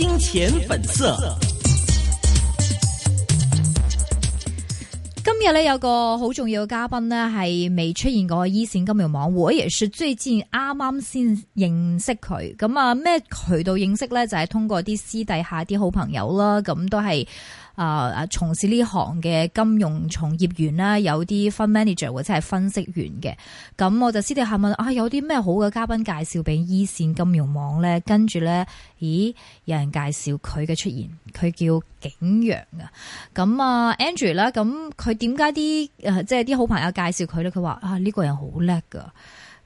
金淺粉色。今日咧有個好重要嘅嘉賓呢係未出現過一線金融網會，我亦係最近啱啱先認識佢，咁啊咩渠道認識呢？就係、是、通過啲私底下啲好朋友啦，咁都係。啊啊、呃！從事呢行嘅金融從業員啦，有啲 fund manager 或者係分析員嘅，咁我就私底下問啊，有啲咩好嘅嘉賓介紹俾一線金融網咧？跟住咧，咦，有人介紹佢嘅出現，佢叫景羊啊。咁啊，Andrew 咧，咁佢點解啲誒，即係啲好朋友介紹佢咧？佢話啊，呢個人好叻噶。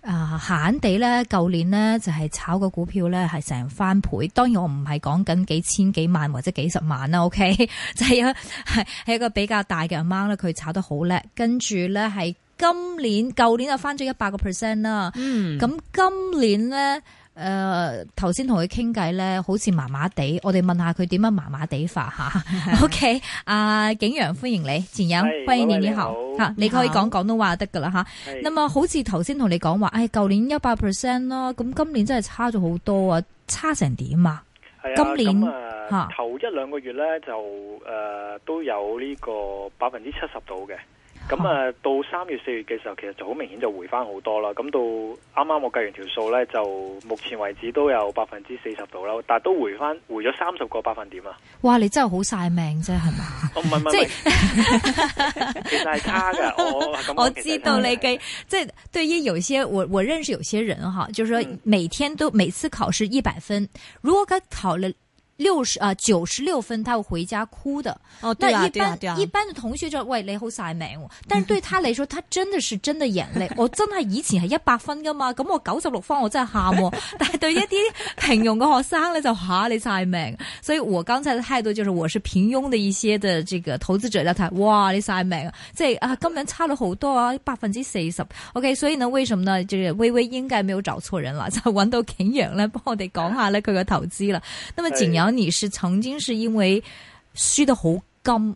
啊，慳、呃、地咧！舊年咧就係、是、炒個股票咧，係成翻倍。當然我唔係講緊幾千幾萬或者幾十萬啦，OK？係一係係一個比較大嘅阿媽咧，佢炒得好叻。跟住咧係今年、舊年就翻咗一百個 percent 啦。嗯，咁今年咧。誒，頭先同佢傾偈咧，好似麻麻地，我哋問下佢點樣麻麻地法吓。O K，阿景羊歡迎你，前友歡迎你以後吓，你可以講廣東話得噶啦吓。咁好啊，好似頭先同你講話，誒、哎，舊年一百 percent 咯，咁、啊、今年真係差咗好多啊，差成點啊？啊今年吓頭、啊、一兩個月咧就誒、呃、都有呢個百分之七十到嘅。咁啊、嗯，到三月四月嘅時候，其實就好明顯就回翻好多啦。咁到啱啱我計完條數咧，就目前為止都有百分之四十度啦，但係都回翻，回咗三十個百分點啊！哇，你真係好晒命啫，係嘛？我唔係唔係，即、啊、其實係差噶。我我知道你計，即係對於有些我我認識有些人哈，就係說每天都每次考試一百分，如果佢考了。六十啊九十六分，他會回家哭的。哦、oh, 啊，對啊，對啊，一般的同學就喂，你好晒命，哦，但係對他嚟說， 他真的是真的眼淚。我真係以前係一百分噶嘛，咁我九十六分我我，我真係喊。但係對一啲平庸嘅學生咧，就吓、啊、你晒命。所以我剛才嘅態度就是，我是平庸的一些的這個投資者，就睇，哇，你晒命。即係啊，今日差咗好多啊，百分之四十。OK，所以呢，為什麼呢？就是微微應該沒有找錯人啦，就 搵到景羊咧，幫我哋講下咧佢嘅投資啦。咁啊，景羊。而你是曾經是因為輸得好甘。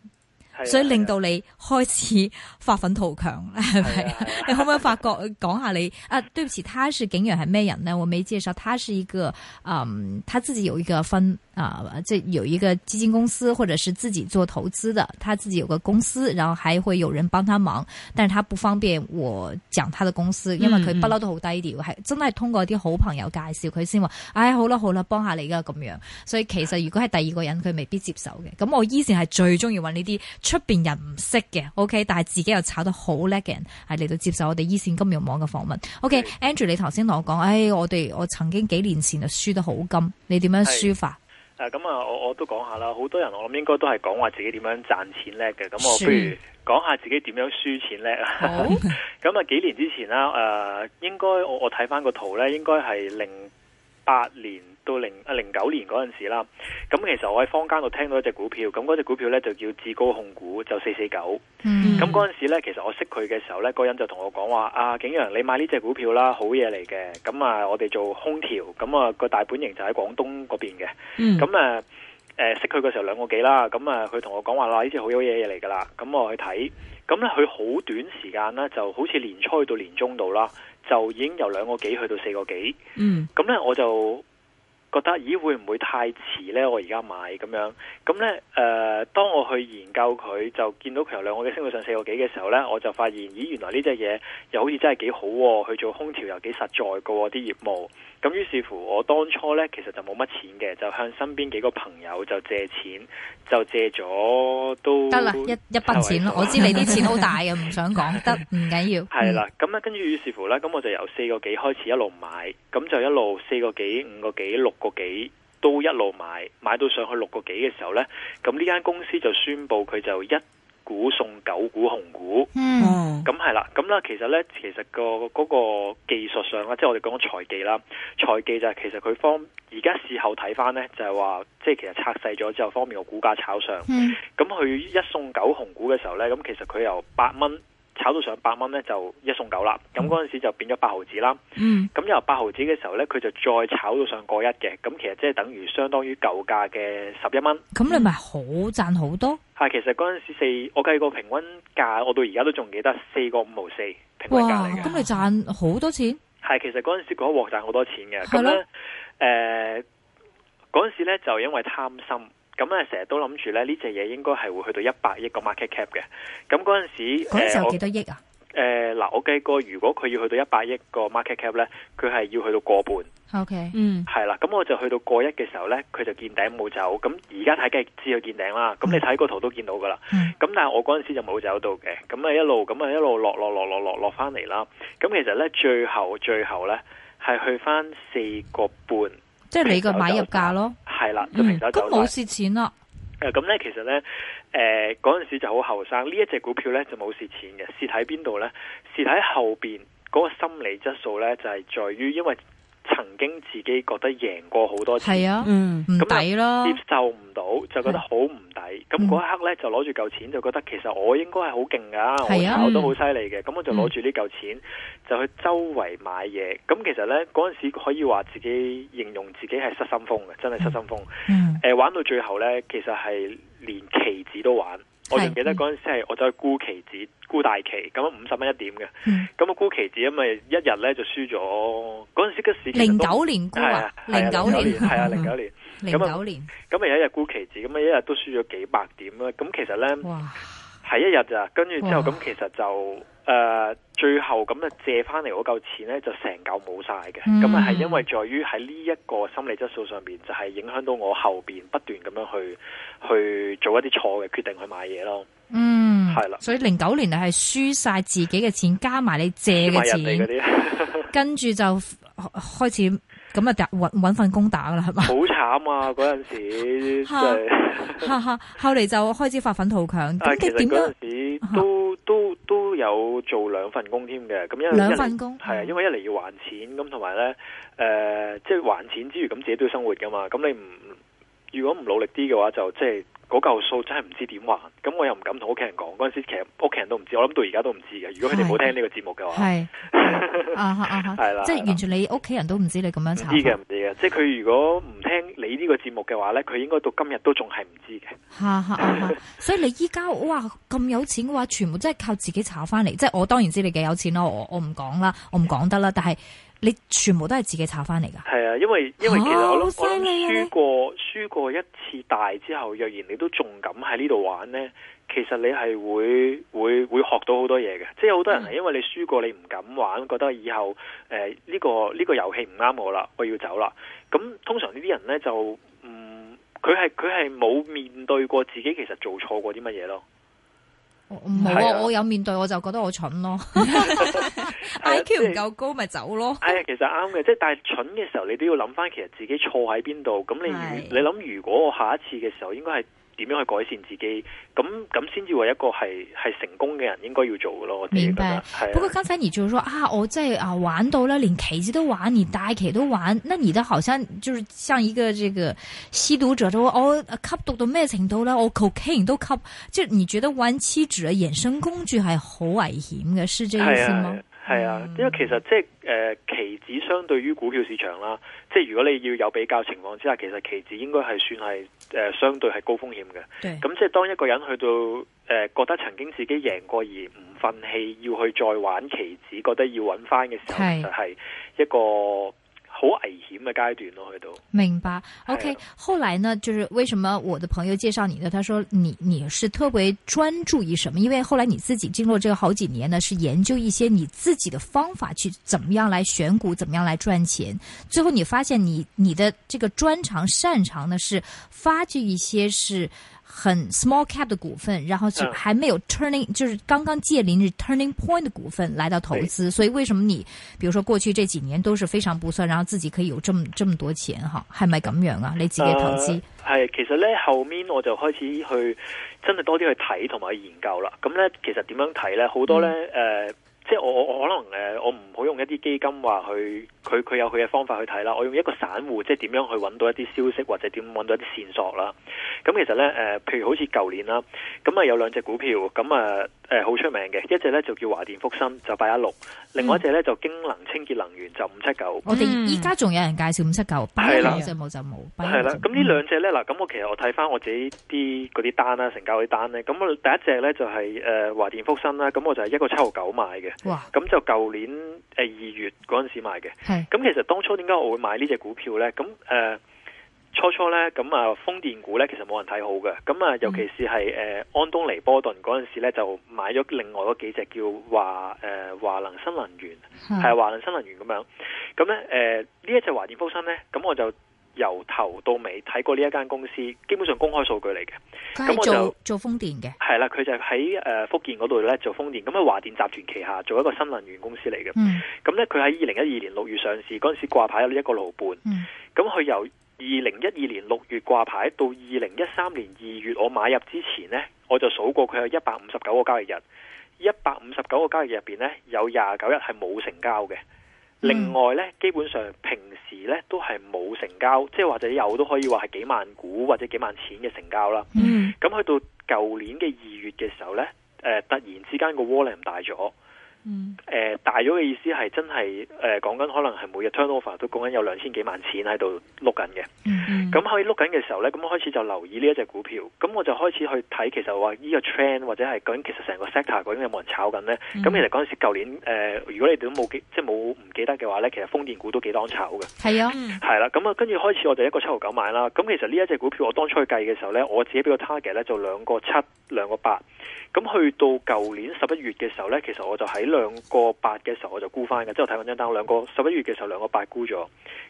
所以令到你開始發奮圖強，係咪？你可唔可以發覺講下你啊？對唔起，他是景羊係咩人呢？我未介紹，他是一個，嗯，他自己有一個分，啊，這有一個基金公司，或者是自己做投資的，他自己有個公司，然後還會有人幫他忙，但是他不方便我講他的公司，因為佢不嬲都好低調，係真係通過啲好朋友介紹，佢先話，哎，好啦好啦，幫下你啦、啊、咁樣。所以其實如果係第二個人，佢未必接受嘅。咁我以前係最中意揾呢啲。出邊人唔識嘅，OK，但係自己又炒得好叻嘅人，係嚟到接受我哋一線金融網嘅訪問。OK，Andrew，、OK, 是你頭先同我講，誒、哎，我哋我曾經幾年前就輸得好金，你點樣輸法？誒，咁、呃、啊，我我都講下啦，好多人我諗應該都係講話自己點樣賺錢叻嘅，咁我不如講下自己點樣輸錢叻。輸 好，咁啊，幾年之前啦，誒、呃，應該我我睇翻個圖咧，應該係零八年。到零啊零九年嗰陣時啦，咁其實我喺坊間度聽到一隻股票，咁嗰隻股票咧就叫志高控股，就四四九。咁嗰陣時咧，其實我識佢嘅時候咧，嗰人就同我講話：啊，景羊，你買呢隻股票啦，好嘢嚟嘅。咁啊，我哋做空調，咁啊個大本營就喺廣東嗰邊嘅。咁啊誒識佢嘅時候兩個幾啦，咁啊佢同我講話啦，呢隻好有嘢嘢嚟㗎啦。咁我去睇，咁咧佢好短時間啦，就好似年初去到年中度啦，就已經由兩個幾去到四個幾。咁咧、mm. 我就。覺得咦會唔會太遲呢？我而家買咁樣咁呢。誒、嗯，當我去研究佢就見到佢有兩個幾升到上四個幾嘅時候呢，我就發現咦原來呢隻嘢又好似真係幾好喎、啊，佢做空調又幾實在㗎喎啲業務。咁於是乎，我當初呢，其實就冇乜錢嘅，就向身邊幾個朋友就借錢，就借咗都得啦一一筆錢 我知你啲錢好大啊，唔想講得唔緊要。係、 嗯、啦，咁咧跟住於是乎呢，咁我就由四個幾開始一路買，咁就一路四個幾五個幾六個幾都一路買，買到上去六個幾嘅時候呢，咁呢間公司就宣佈佢就一。股送九股紅股，嗯，咁係啦，咁 啦，其實咧，其實個嗰個技術上咧，即係我哋講財技啦，財技就係其實佢方而家事後睇翻咧，就係話，即係其實拆細咗之後方便個股價炒上，咁佢一送九紅股嘅時候咧，咁其實佢由八蚊。炒到上百蚊咧，就一送九啦。咁嗰陣時就變咗八毫紙啦。咁、嗯、由八毫紙嘅時候咧，佢就再炒到上過一嘅。咁其實即係等於相當於舊價嘅十一蚊。咁、嗯、你咪好賺好多？係，其實嗰陣時四，我計過平均價，我到而家都仲記得四個五毫四平均價嚟嘅。哇！咁你賺好多錢？係的，其實嗰陣時一鑊賺好多錢嘅。係咯？誒，嗰陣時咧就因為貪心。咁咧，成日、嗯、都諗住咧，呢隻嘢應該係會去到一百億個 market cap 嘅。咁嗰陣時，嗰陣有幾多億啊？誒，嗱、呃，我計過，如果佢要去到一百億個 market cap 咧，佢係要去到過半。O K，嗯，係啦。咁我就去到過一嘅時候咧，佢就見頂冇走。咁而家睇梗係知佢見頂啦。咁你睇個圖都見到㗎啦。咁 但係我嗰陣時就冇走到嘅。咁啊一路咁，啊一路落落落落落落翻嚟啦。咁其實咧，最後最後咧係去翻四個半。即係你個買入價咯，係啦，就平手咁冇蝕錢啦。誒、呃，咁咧其實咧，誒嗰陣時就好後生，呢一隻股票咧就冇蝕錢嘅，蝕喺邊度咧？蝕喺後邊嗰個心理質素咧，就係、是、在於因為。曾經自己覺得贏過好多錢，係啊，嗯，唔抵咯，接受唔到、嗯、就覺得好唔抵。咁嗰、啊、一刻咧，就攞住嚿錢，就覺得其實我應該係好勁噶，啊、我炒都好犀利嘅。咁、啊嗯、我就攞住呢嚿錢，就去周圍買嘢。咁其實咧，嗰陣時可以話自己形容自己係失心瘋嘅，真係失心瘋。誒、啊嗯呃、玩到最後咧，其實係連棋子都玩。我仲記得嗰陣時係我走去沽期指、沽大期，咁啊五十蚊一點嘅，咁啊沽期指，咁咪一日咧就輸咗。嗰陣時嘅市其實都係啊，零九年係啊，零九年零九年，咁咪有一日沽期指，咁啊一日都輸咗幾百點啦。咁其實咧，係哇一日咋，跟住之後咁其實就。誒，uh, 最後咁啊借翻嚟嗰嚿錢咧，就成嚿冇晒嘅。咁啊係因為在於喺呢一個心理質素上邊，就係、是、影響到我後邊不斷咁樣去去做一啲錯嘅決定去買嘢咯。嗯，係啦了。所以零九年你係輸晒自己嘅錢，加埋你借嘅錢，人哋嗰啲 跟住就開始。咁啊，搵份工打啦，係嘛？好慘啊！嗰陣時，吓吓吓，後嚟，就開始發奮圖強。啊， 其實嗰陣時都都 都有做兩份工添嘅。咁樣兩份工係，因為一嚟要還錢，咁同埋咧，誒、呃，即係還錢之餘，咁自己都要生活噶嘛。咁你唔如果唔努力啲嘅話就，就即係。嗰嚿數真係唔知點還咁，我又唔敢同屋企人講。嗰陣時其實屋企人都唔知，我諗到而家都唔知嘅。如果佢哋冇聽呢個節目嘅話，係係啦，即係完全你屋企人都唔知你咁樣查。唔知嘅唔知嘅。即係佢如果唔聽你呢個節目嘅話咧，佢應該到今日都仲係唔知嘅的。 所以你依家哇咁有錢嘅話，全部真係靠自己查翻嚟。即係我當然知你幾有錢囉，我我唔講啦，我唔講得啦，但係。你全部都係自己炒翻嚟噶？係啊，因為因為其實我諗、oh, 我諗輸過輸你過一次大之後，若然你都仲敢喺呢度玩呢，其實你係會會會學到好多嘢嘅。即係好多人係因為你輸過，你唔敢玩，覺得以後誒呢、呃這個呢、這個遊戲唔啱我啦，我要走啦。咁通常呢啲人呢，就唔，佢係佢係冇面對過自己，其實做錯過啲乜嘢咯。唔、哦、好的我有面對，我就覺得我蠢咯。 I.Q 唔夠高咪走咯。哎，其實啱嘅，即係 但係蠢嘅時候，你都要諗翻，其實自己錯喺邊度。咁你如、哎、呀你諗，如果我下一次嘅時候，應該係點樣去改善自己？咁咁先至為一個係係成功嘅人應該要做嘅咯。明白。哎、呀不過剛才你就說啊，我真係啊玩到啦，連期指都玩，連大期都玩。那你都好像就是像一個這個吸毒者咁，吸毒到咩程度呢？我 cocaine 都吸，即係你覺得玩期指嘅衍生工具係好危險嘅，是這意思嗎？ 係啊，嗯、因為其實即係誒、呃，期指相對於股票市場啦，即係如果你要有比較情況之下，其實期指應該係算係誒、呃，相對係高風險嘅。咁是即係當一個人去到誒、呃，覺得曾經自己贏過而唔忿氣，要去再玩期指，覺得要揾翻嘅時候，是其實係一個。好危險嘅階段咯喺度，去到明白？OK，Yeah. 後來呢？就是為什麼我的朋友介紹你呢？他說你你是特別專注於什麼？因為後來你自己經過這個好幾年呢，是研究一些你自己的方法去怎麼樣來選股，怎麼樣來賺錢。最後你發現你你的這個專長擅長呢，是發掘一些是。很 small cap 的股份，然後就還沒有 turning，、嗯、就是剛剛借臨是 turning point 的股份來到投資，是所以為什麼你，比如說過去這幾年都是非常不錯，然後自己可以有這麼這麼多錢哈，係咪咁樣啊？你自己投資係、呃，其實呢，後面我就開始去真係多啲去睇同埋去研究啦。咁呢，其實點樣睇呢？好多呢，誒、嗯呃，即係我我可能誒，我唔好用一啲基金話去。佢佢有佢嘅方法去睇啦。我用一個散戶，即係點樣去揾到一啲消息，或者點揾到一啲線索啦。咁、嗯、其實咧，誒、呃，譬如好似舊年啦，咁、嗯、啊有兩隻股票，咁啊誒好出名嘅，一隻咧就叫華電福新，就八一六；另外一隻咧就京能清潔能源，就五七九。我哋依家仲有人介紹五七九，係啦，就冇就冇，係啦。咁呢兩隻咧嗱，咁我其實我睇翻我自己啲嗰啲單啦，成交啲單咧。咁我第一隻咧就係、是、誒、呃、華電福新啦，咁我就係一個七號九買嘅，咁嘩就舊年誒二月嗰陣時買嘅。的咁其實當初點解我會買呢隻股票呢？咁誒、呃，初初呢，咁啊，風電股呢，其實冇人睇好嘅。咁啊，尤其是係誒、呃、安東尼波頓嗰陣時咧，就買咗另外嗰幾隻叫華誒華能新能源，係華能新能源、嗯、咁樣。咁咧誒呢一隻華電福新咧，咁我就。由頭到尾睇過呢一間公司，基本上公開數據嚟嘅。咁它是 做做風電嘅係啦，佢就喺誒福建嗰度咧做風電，咁喺華電集團旗下做一個新能源公司嚟嘅。咁咧、嗯，佢喺二零一二年六月上市嗰陣時掛牌有呢一個老伴。咁佢、嗯、由二零一二年六月掛牌到二零一三年二月，我買入之前呢，我就數過佢有一百五十九個交易日，一百五十九個交易日入邊呢，有廿九日係冇成交嘅。另外咧，基本上平時咧都係冇成交，即係或者有都可以話係幾萬股或者幾萬錢嘅成交啦。咁 去到舊年嘅二月嘅時候咧，誒、呃、突然之間個 volume 大咗。嗯，誒、呃、大咗嘅意思係真係，誒講緊可能係每日 turnover 都講緊有兩千幾萬錢喺度碌緊嘅。咁、嗯嗯、可以碌緊嘅時候咧，咁我開始就留意呢一隻股票，咁我就開始去睇，其實話呢個 trend 或者係究竟其實成個 sector 究竟有冇人炒緊咧。咁、嗯、其實嗰陣時舊年誒、呃，如果你哋都冇記，即係冇唔記得嘅話咧，其實風電股都幾當炒嘅。係啊、嗯，係啦，咁啊，跟住開始我就一個七毫九買啦。咁其實呢一隻股票我當初去計嘅時候咧，我自己俾個 target 咧就兩個七，兩個八。咁去到舊年十一月嘅時候咧，其實我就喺兩兩個八嘅時候我就沽返嘅，之後睇翻張單，兩個十一月嘅時候兩個八沽咗，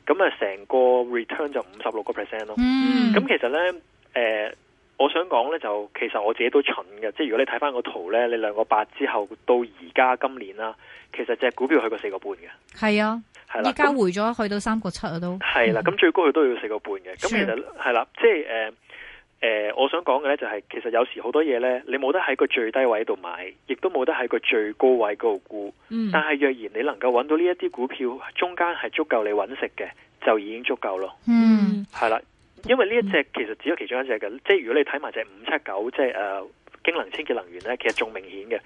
咁啊成個 return 就五十六個 percent 咯。咁、嗯、其實咧，誒、呃，我想講咧就，其實我自己都蠢嘅，即係如果你睇翻個圖咧，你兩個八之後到而家今年啦，其實隻股票去過四個半嘅，係啊、係啦，而家回咗那去到三個七啊都，係啦，咁、嗯、最高佢都要四個半嘅，咁其實係是啦，即係誒。呃誒、呃，我想講嘅咧就係、是，其實有時好多嘢咧，你冇得喺個最低位度買，亦都冇得喺個最高位嗰度沽。但係若然你能夠揾到呢一啲股票，中間係足夠你揾食嘅，就已經足夠咯。嗯。係啦，因為呢一隻其實只有其中一隻嘅，即係如果你睇埋隻五七九，即係誒，京能清潔能源咧，其實仲明顯嘅。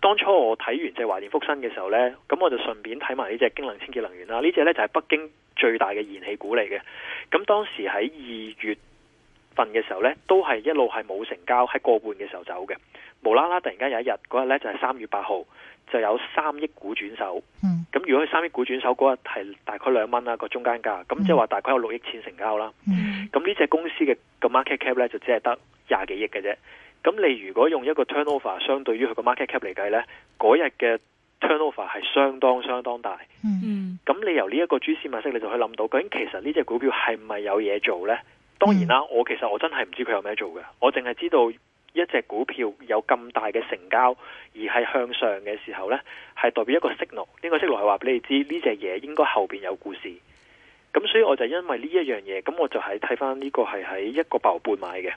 當初我睇完隻華電福新嘅時候咧，咁我就順便睇埋呢隻京能清潔能源啦。呢隻咧就係北京最大嘅燃氣股嚟嘅。咁當時喺二月。份嘅時候咧，都係一路係冇成交，喺過半嘅時候走嘅，無啦啦突然間有一呢、就是、日嗰日咧就係三月八號，就有三億股轉手。咁、嗯、如果佢三億股轉手嗰日係大概兩蚊啦個中間價，咁即係話大概有六億錢成交啦。咁呢隻公司嘅個 market cap 咧就只係得廿幾億嘅啫。咁你如果用一個 turnover 相對於佢個 market cap 嚟計咧，嗰日嘅 turnover 係相當相當大。咁、嗯、你由呢一個蛛絲馬跡，你就去諗到究竟其實呢隻股票係唔係有嘢做咧？當然啦，我其實我真係唔知佢有咩做嘅，我淨係知道一隻股票有咁大嘅成交而係向上嘅時候呢，係代表一個 signal。呢、這個 signal 係話俾你知呢隻嘢應該後邊有故事。咁所以我就因為呢一樣嘢，咁我就係睇翻呢個係喺一個八毫半買嘅，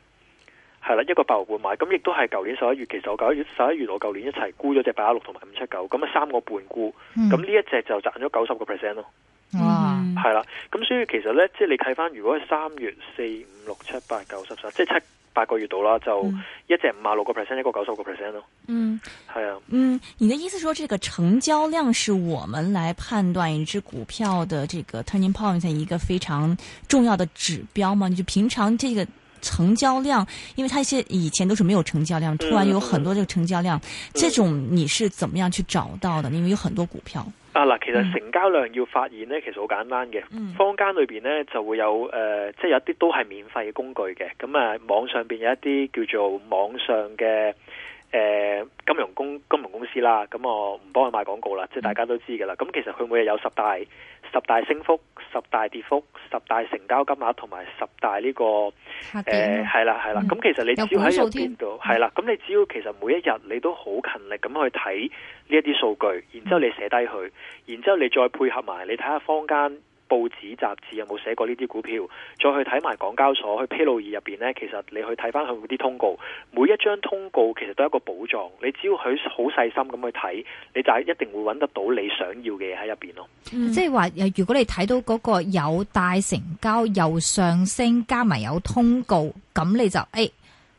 係啦一個八毫半買。咁亦都係舊年十一月，其實我九月十一月我舊年一齊沽咗隻八一六同埋五七九，咁啊三個半沽。咁呢、嗯、一隻就賺咗九十個 percent 咯。哇 係啦，咁所以其實咧，即係你睇翻，如果係三月四五六七八九十十，即係七八個月度啦，就一只五啊六個 percent，一個九十五個 percent 咯。嗯，係啊。嗯，你的意思是說，這個成交量是我們來判斷一隻股票的這個 turning point 一個非常重要的指標嘛？你就平常這個成交量，因為它以前都是沒有成交量，突然有很多這個成交量，這種你是怎麼樣去找到的？因為有很多股票。啊嗱，其實成交量要發現咧，其實好簡單嘅。坊間裏邊咧就會有誒、呃，即係一啲都係免費嘅工具嘅。咁啊，網上邊有一啲叫做網上嘅。誒、呃，金融公金融公司啦，咁、嗯、我唔幫佢賣廣告啦，即係大家都知噶啦。咁、嗯嗯、其實佢每日有十大十大升幅、十大跌幅、十大成交金額同埋十大呢、這個誒，係啦係啦。咁、嗯、其實你只要喺入邊度係啦，咁、嗯、你只要其實每一日你都好勤力咁去睇呢一啲數據，然之後你寫低佢，嗯、然之後你再配合埋你睇下坊間。報紙、雜誌有冇寫過呢啲股票？再去睇埋港交所去披露易入邊呢，其實你去睇翻佢啲通告，每一張通告其實都係一個寶藏。你只要佢好細心咁去睇，你就一定會揾得到你想要嘅嘢喺入邊咯。即係話，如果你睇到嗰個有大成交又上升，加埋有通告，咁你就誒、哎、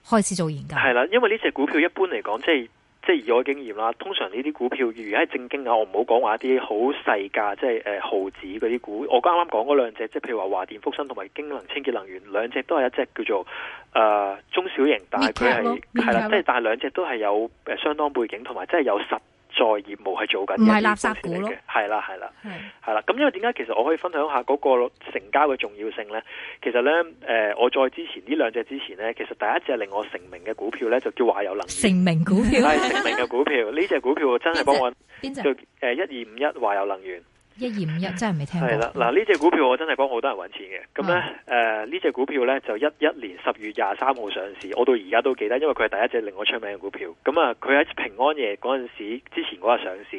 開始做研究係啦。因為呢隻股票一般嚟講，即係。即係以我經驗啦，通常呢啲股票，如果係正經嘅，我唔好講話一啲好細價，即係誒毫子嗰啲股。我啱啱講嗰兩隻，即係譬如話華電、福新同埋京能清潔能源兩隻，都係一隻叫做誒、呃、中小型，但係佢係係啦，即係的但係兩隻都係有誒相當背景同埋，即係有實。在業務係做緊唔係垃圾股咯，係啦係啦係啦。咁因為點解其實我可以分享下嗰個成交嘅重要性呢。其實呢，誒、呃，我再之前呢兩隻之前呢，其實第一隻令我成名嘅股票呢，就叫華油能源。成名股票係 成名嘅股票，呢隻 股票真係幫我邊隻？誒，一二五一華油能源。一二五一真係未聽過。係啦，嗱呢隻股票我真係幫好多人搵錢嘅。咁咧、嗯，誒呢、呃、隻股票咧就一一年十月廿三號上市。我到而家都記得，因為佢係第一隻令我出名嘅股票。咁啊，佢喺平安夜嗰陣時之前嗰日上市。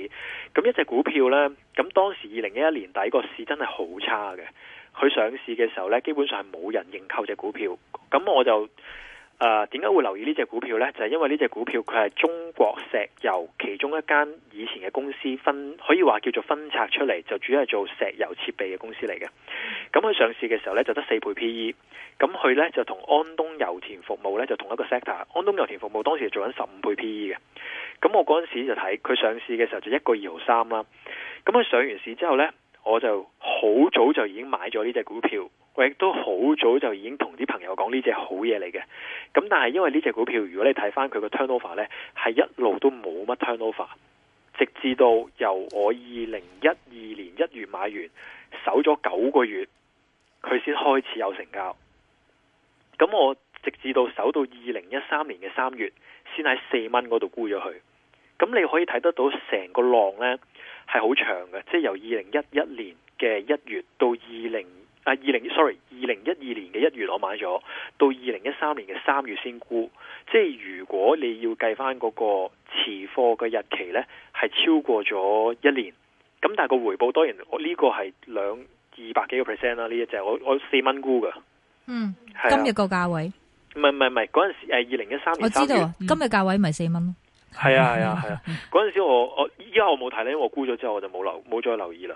咁一隻股票咧，咁當時二零一一年底個市真係好差嘅。佢上市嘅時候咧，基本上係冇人認購隻股票。咁我就。誒點解會留意呢隻股票呢？就係因為呢隻股票佢係中國石油其中一間以前嘅公司分，可以話叫做分拆出嚟，就主要係做石油設備嘅公司嚟嘅。咁佢上市嘅時候呢，就得四倍 PE，咁佢呢，就同安東油田服務呢，就同一個 sector。安東油田服務當時做緊十五倍 PE 嘅。咁我嗰陣時就睇佢上市嘅時候就一個二毫三啦。咁佢上完市之後呢，我就好早就已經買咗呢隻股票。亦都好早就已經同啲朋友講，呢隻好嘢嚟嘅。咁但係因為呢隻股票，如果你睇翻佢個 turnover 咧，係一路都冇乜 turnover，直至到由我二零一二年一月買完，守咗九個月，佢先開始有成交。咁我直至到守到二零一三年嘅三月，先喺四蚊嗰度沽咗佢。咁你可以睇得到成個浪咧，係好長嘅，即係由二零一一年嘅一月到二零。啊，二零，uh, 20, sorry，二零一二年嘅一月我買咗，到二零一三年嘅三月先沽。即係如果你要計翻嗰個持貨嘅日期呢，係超過咗一年。咁但係個回報當然 2,、啊，我呢個係兩二百幾個 percent 啦。呢一隻我我四蚊沽㗎。嗯，啊、今日個價位？唔係唔係唔係，嗰陣時誒二零一三年，我知道、嗯、今日價位咪四蚊咯。係啊係啊係啊，嗰陣時我我依家我冇睇咧，我沽咗之後我就冇留冇再留意啦。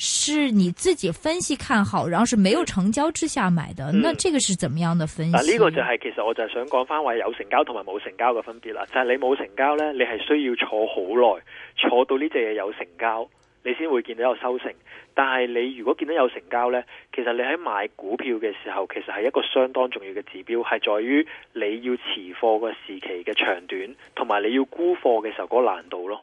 是你自己分析看好，然後是沒有成交之下買的，嗯、那這個是怎麼樣的分析？呢個就係、是、其實我就係想講翻話有成交同埋冇成交嘅分別啦。就係、是、你冇成交呢，你係需要坐好耐，坐到呢隻嘢有成交，你先會見到有收成。但係你如果見到有成交呢，其實你喺買股票嘅時候，其實係一個相當重要嘅指標，係在於你要持貨個時期嘅長短，同埋你要沽貨嘅時候嗰個難度咯。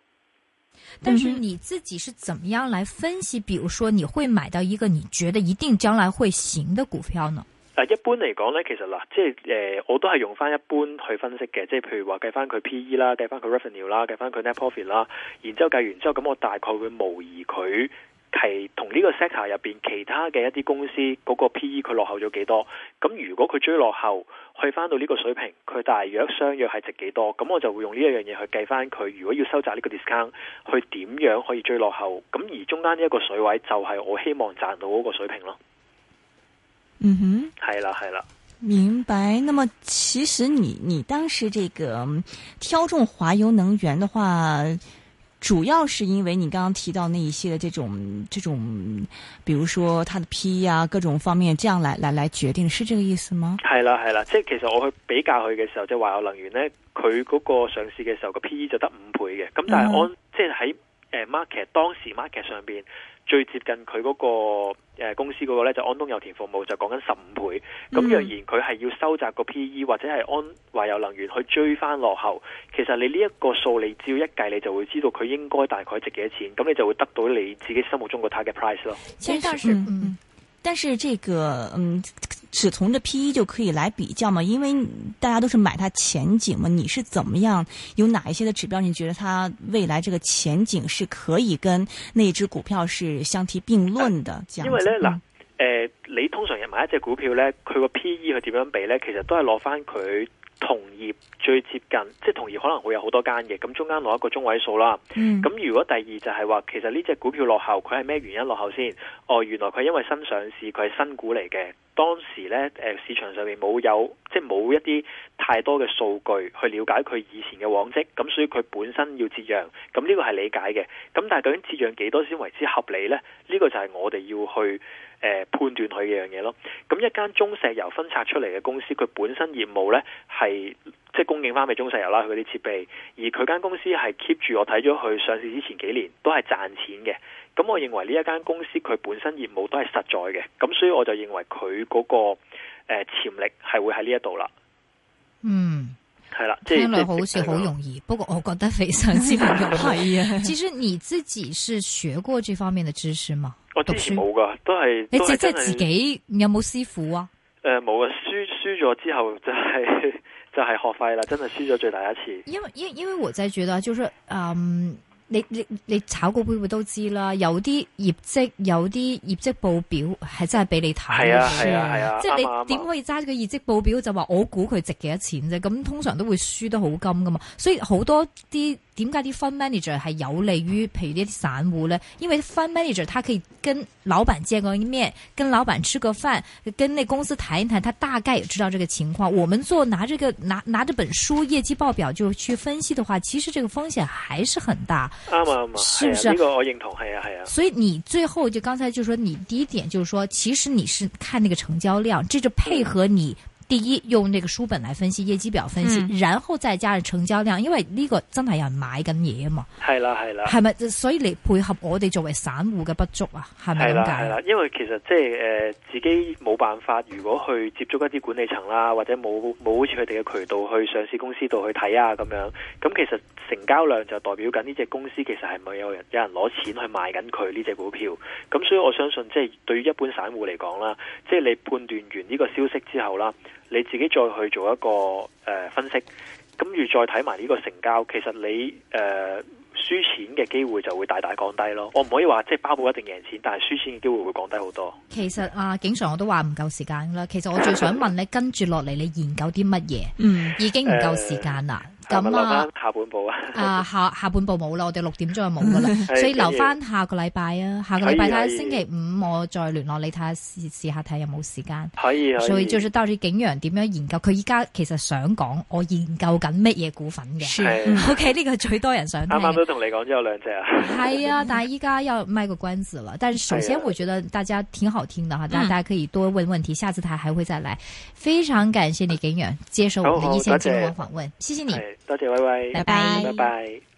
但是你自己是怎麼樣來分析？比如說你會買到一個你覺得一定將來會行的股票呢？啊，一般嚟講呢，其實嗱，即係誒，我都係用翻一般去分析嘅，即係譬如話計翻佢 PE 啦，計翻佢 revenue 啦，計翻佢 net profit 啦，然之後計完之後，咁我大概會模擬佢。係同呢個 sector 入邊其他嘅一啲公司嗰個 PE 佢落後咗幾多？咁如果佢追落後去翻到呢個水平，佢大約相約係值幾多？咁我就會用呢一樣嘢去計翻佢如果要收窄呢個 discount，去點樣可以追落後？咁而中間呢一個水位就係我希望賺到嗰個水平咯。嗯哼，係啦係啦，明白。那麼其實你你當時這個挑中華油能源的話。主要是因為你剛剛提到那一些的這種這種，比如說它的 PE 啊，各種方面，這樣來來來決定，是這個意思嗎？係啦係啦，即係其實我去比較佢嘅時候，即係華友能源咧，佢嗰個上市嘅時候個 PE 就得五倍嘅，咁但係我、uh，huh. 即係喺誒 market 當時 market 上邊。最接近佢嗰、那個、呃、公司嗰個咧，就安東油田服務就講緊十五倍，咁、mm hmm. 若然佢係要收窄個 P E 或者係安華油能源去追翻落後，其實你呢一個數你只要一計，你就會知道佢應該大概值幾多錢，咁你就會得到你自己心目中個 target price 咯。Yes, it 但是這個，嗯，只從這 P E 就可以來比較嘛？因為大家都是買它前景嘛。你是怎麼樣？有哪一些的指標？你覺得它未來這個前景是可以跟那隻股票是相提並論的？啊、這樣。因為呢，嗱，誒、呃，你通常入買一隻股票呢，佢個 P E 係點樣比呢？其實都係攞翻佢。同業最接近，即係同業可能會有好多間嘅，咁中間攞一個中位數啦。咁、嗯、如果第二就係話，其實呢隻股票落後，佢係咩原因落後先？哦，原來佢係因為新上市，佢係新股嚟嘅，當時呢，誒、呃、市場上面冇有，即係冇一啲太多嘅數據去了解佢以前嘅往績，咁所以佢本身要折讓，咁呢個係理解嘅。咁但係究竟折讓幾多先為之合理呢？呢、這個就係我哋要去。判斷佢嘅樣嘢咯。咁、嗯、一間中石油分拆出嚟嘅公司，佢本身業務呢係即係供應翻俾中石油啦，佢啲設備。而佢間公司係 keep 住我睇咗佢上市之前幾年都係賺錢嘅。咁、嗯、我認為呢一間公司佢本身業務都係實在嘅。咁所以我就認為佢嗰個誒潛力係會喺呢一度啦。嗯，係啦，即聽落好似好容易，家 不過我覺得非常之容易。口音 其實你自己是學過這方面的知識嗎？我之前冇噶，都係你即自係自己有冇師傅啊？誒、呃，冇啊！輸輸咗之後就係、是、就係、是、學費啦，真係輸咗最大一次。因為因因為我就係覺得就是嗯，你你你炒股票都知啦，有啲業績有啲業績報表係真係俾你睇。係啊係啊係啊！啊啊啊即係是你點、啊啊啊、可以揸住個業績報表就話我估佢值幾多錢啫？咁通常都會輸得好金噶嘛，所以好多啲。點解啲 fund manager 係有利於，譬如啲散戶呢？因為 fund manager 他可以跟老闆見過一面，跟老闆吃個飯，跟那公司談一談，他大概也知道這個情況。我們做拿這個拿拿這本書業績報表就去分析的話，其實這個風險還是很大。啱啊，啱啊，是不是？呢、啊這個我認同，係啊，係啊。所以你最後就剛才就說，你第一點就是說，其實你是看那個成交量，這就配合你。第一用呢個書本來分析業績表分析，嗯、然後再加上成交量，因為呢個真係有人買緊嘢啊嘛。係啦係啦，係咪所以你配合我哋作為散戶嘅不足啊？係咪咁解？係啦係啦，因為其實即係誒自己冇辦法，如果去接觸一啲管理層啦，或者冇冇好似佢哋嘅渠道去上市公司度去睇啊咁樣。咁、嗯、其實成交量就代表緊呢隻公司其實係咪有人有人攞錢去買緊佢呢隻股票？咁、嗯、所以我相信即係對於一般散戶嚟講啦，即係你判斷完呢個消息之後啦，你自己再去做一個誒、呃、分析，咁如再睇埋呢個成交，其實你誒輸、呃、錢嘅機會就會大大降低咯。我唔可以話即係包保一定贏錢，但係輸錢嘅機會會降低好多。其實啊，景羊我都話唔夠時間啦。其實我最想問你，跟住落嚟你研究啲乜嘢？嗯，已經唔夠時間啦。呃咁啊，下半部啊，啊下下半部冇啦，我哋六點鐘就冇噶啦，所以留翻下個禮拜啊，下個禮拜睇下星期五我再聯絡你睇下試試下睇有冇時間。可以啊，所以就到底景羊點樣研究，佢依家其實想講我研究緊乜嘢股份嘅。O K 呢個最多人想聽。啱啱都同你講咗有兩隻啊。係啊，但係依家要賣個關子啦。但係首先我覺得大家挺好聽的哈大家可以多問問題，下次他還會再嚟。非常感謝你，景羊接受我的一千字訪問，謝謝你。多謝，拜拜，拜拜。